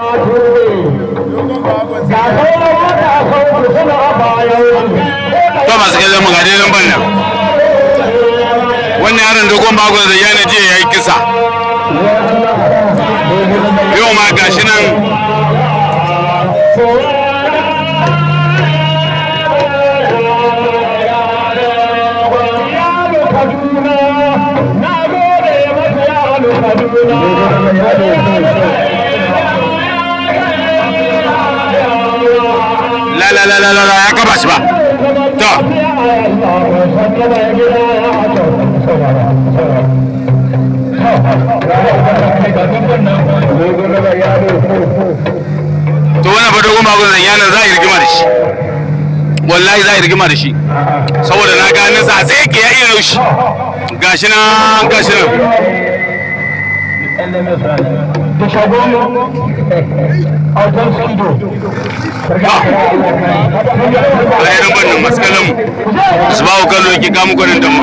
to masu kallon mu ga dai nan wannan yaron dogon bagon da yana jiya ya yi kisa yau ma gashi nan to wannan fata goma ba zan yana za a yi rigima da shi wallahi za a yi rigima da shi saboda na ga hannunsa a ke ya iya yaushi gashi nan gashi nan da shagoyo a wajen sundo a yi rabon nan maskalan su ba wa kano yake kamun kwanin damma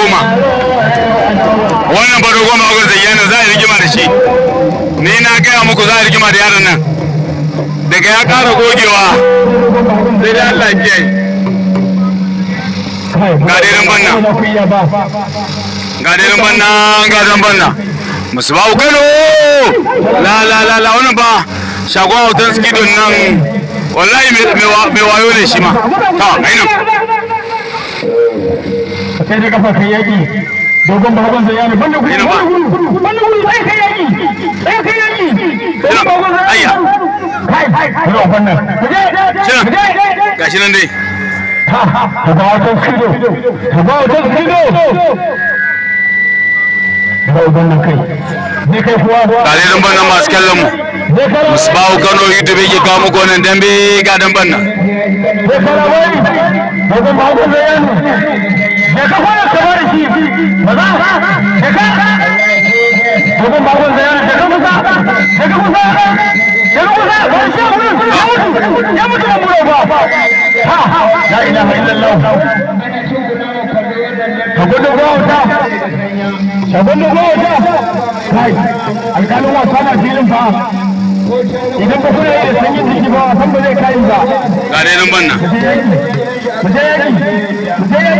goma wannan baro goma a gurza za a rigima da shi ne na gaya muku za a rigima da yaron nan daga ya kara gogewa sai da Allah ke. yi gadirin banna gadirin banna gadirin banna musu ba ukano la la la la wannan ba shagon hoton skidon nan wallahi mai wayo ne shi ma ta nan. sai da kafa kai yaki dogon baban sai banda kuri banda kuri sai kai yaki sai kai yaki kai kai ba ta kido ta ba kai kai da bannan masu kallon mu musbahu kano youtube yake kawo muku wannan dambe ga da ka fara ka bari shi ba za da ka dogon bakon da yana da ka kusa da ka kusa da ka kusa bari da abu ya ha ha la ilaha illallah ka gudu ga wata ka gudu ga wata kai alƙalin wasa na filin fa idan ba kuna yi da sanyin jiki ba san ba zai kayi ba ga nan ban mu je yaki mu je yaki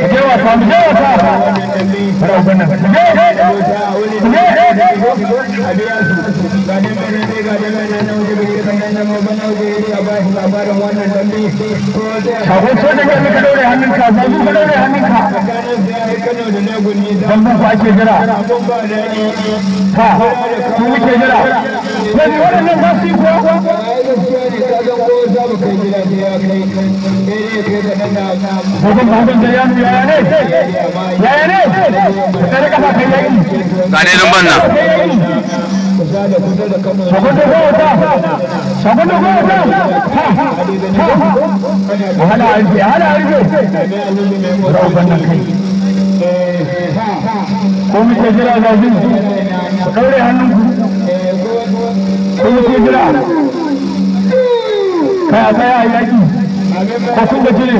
wasa mu je wasa raubana mu je mu je Shagon sojan ya muka daure hannunka, ka ake jira. Ha, ku muke jira. Wani waɗannan za su yi kuwa? ko za da da na hukun hukun da da da ta, shagun da kowa ta, ha, ha, ha, wahala arfe, wahala arfe, rauban nan kai. Ko muke jira ga da ku ɗaure hannunku, ko muke jira. kai a tsaya a yaki ko kun gaji ne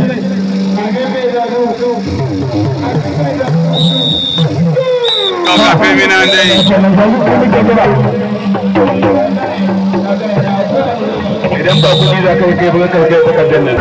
Idan ba za ka yi kai ba ka kai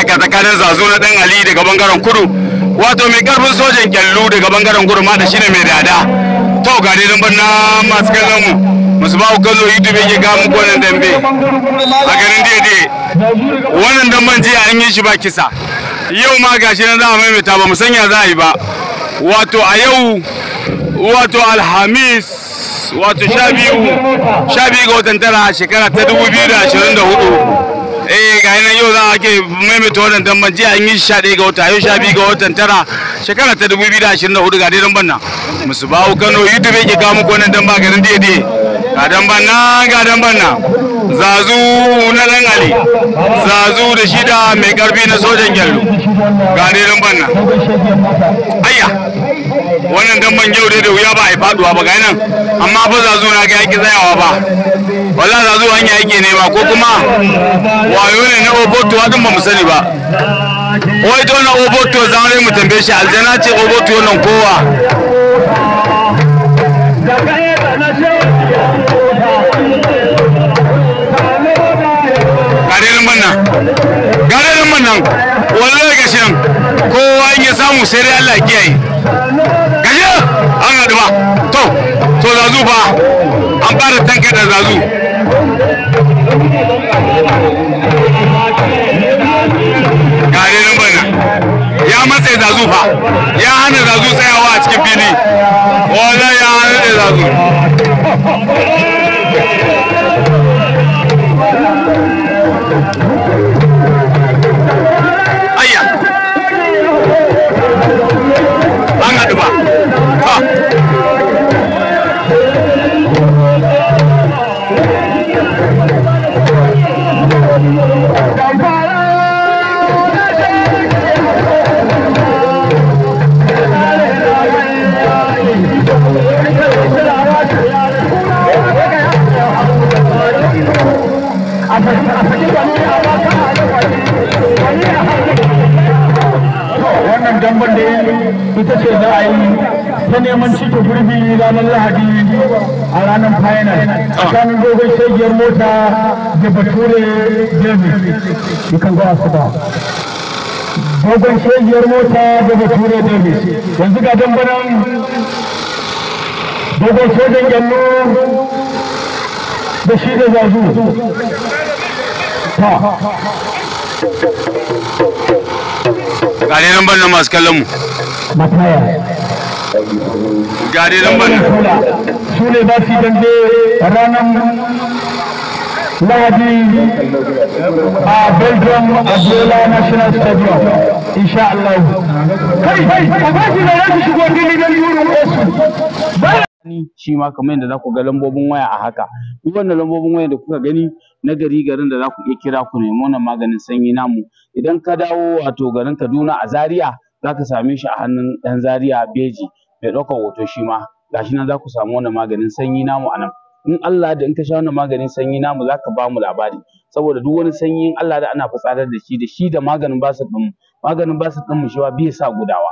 taka tsakanin zazu na dan ali daga bangaren kudu wato mai karfin sojan kyallu daga bangaren kudu ma da shine mai dada to ga dai lambar na masu kallon mu musu ba ku kallo youtube yake ga muku wannan dambe a garin daidai wannan damban jiya an yi shi ba kisa yau ma gashi nan za a maimaita ba mu sanya za a yi ba wato a yau wato alhamis wato sha biyu ga watan tara shekara ta dubu biyu da ashirin da hudu eh ga nan yau za a ke maimaita wannan damban jiya an yi sha ɗaya ga wata yau sha biyu ga watan tara shekara ta dubu biyu da ashirin da hudu ga dai damban nan musu bawo kano bai ke kawo muku wannan damba garin daidai ga damban nan ga damban nan zazu na dan ali zazu da shida mai karfi na sojan gyallo gane don banna ayya wannan dan ban yau dai da wuya ba a yi faduwa ba gani nan amma fa zazu na ga yake tsayawa ba wallahi zazu hanya yake nema ko kuma wayo ne na obotuwa din ba mu sani ba wai don na obotu zan mu tambaye shi aljana ce obotu nan kowa kowa in ya samu sai dai Allah kiyaye gaje an haɗu ba to to zazu fa an fara tanka da zazu gare nan bana ya matsa zazu fa ya hana zazu tsayawa a cikin fili wala ya hana da zazu ce za a yi ta neman cike gurbi ranar lahadi a ranar final tsakanin dogon shagiyar mota da bature davis you can go after that dogon shagiyar mota da bature davis yanzu ga dambaran dogon shagen gyallo da shi da zazu ta Gare nan ban nan masu kallon mu. Mataya. nan. Su ne za su ranar Lahadi a Belgium Abdullah National Stadium. Insha Allah. Kai, kai, ba shi da ya shigo fili don osu. ni shi ma kamar yadda za ku ga lambobin waya a haka duk wannan lambobin waya da kuka gani na gari garin da za ku iya kira ku nemi wannan maganin sanyi namu idan ka dawo wato garin Kaduna a Zaria za ka same shi a hannun ɗan Zaria Beji mai ɗaukar hoto shi ma gashi nan za ku samu wannan maganin sanyi namu a nan in Allah da in ka sha wannan maganin sanyi namu za ka ba mu labari saboda duk wani sanyi in Allah da ana fitsarar da shi da shi da maganin basu ɗin maganin basu ɗin mu shi bai sa gudawa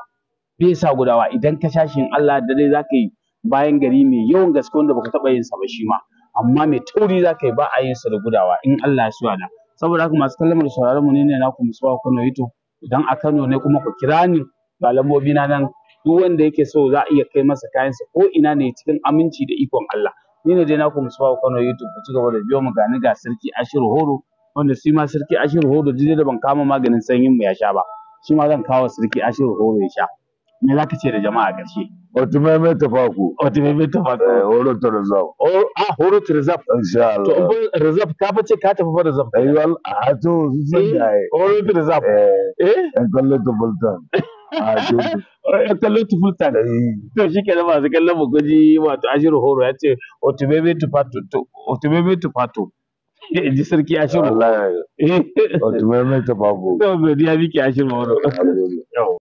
bai sa gudawa idan ka sha shi in Allah da dai za ka yi bayan gari mai yawan gaske wanda baka taɓa yin sa ba shi ma amma mai tauri za yi ba a yin sa da gudawa in Allah ya so na saboda haka masu kallon da sauraron mu ne ne naku musuwa Kano Yito idan a Kano ne kuma ku kira ni ga na nan duk wanda yake so za a iya kai masa kayan sa ko ina ne cikin aminci da ikon Allah ni ne dai naku musuwa Kano Yito ku ci gaba da biyo mu gani ga sarki Ashiru Horo wanda shi ma sarki Ashiru Horo duk da ban kama maganin sanyin mu ya sha ba shi ma zan kawo sarki Ashiru Horo ya sha me za ka ce da jama'a ƙarshe? Otumeme Tafako. Otumeme Tafako. Eh, Horo to Reserve. Oh, ah, Horo ta Reserve. Insha Allah. To, Reserve, ka fa ce ka tafi fa Reserve. Eh, wal, a to, sun san eh, jaye. Horo to Reserve. Eh. eh? Yan kallon Tufultan. Ah, oh, kallon Tufultan. To, shi ke kallon mu gwaji wato Horo ya ce, in ji sarki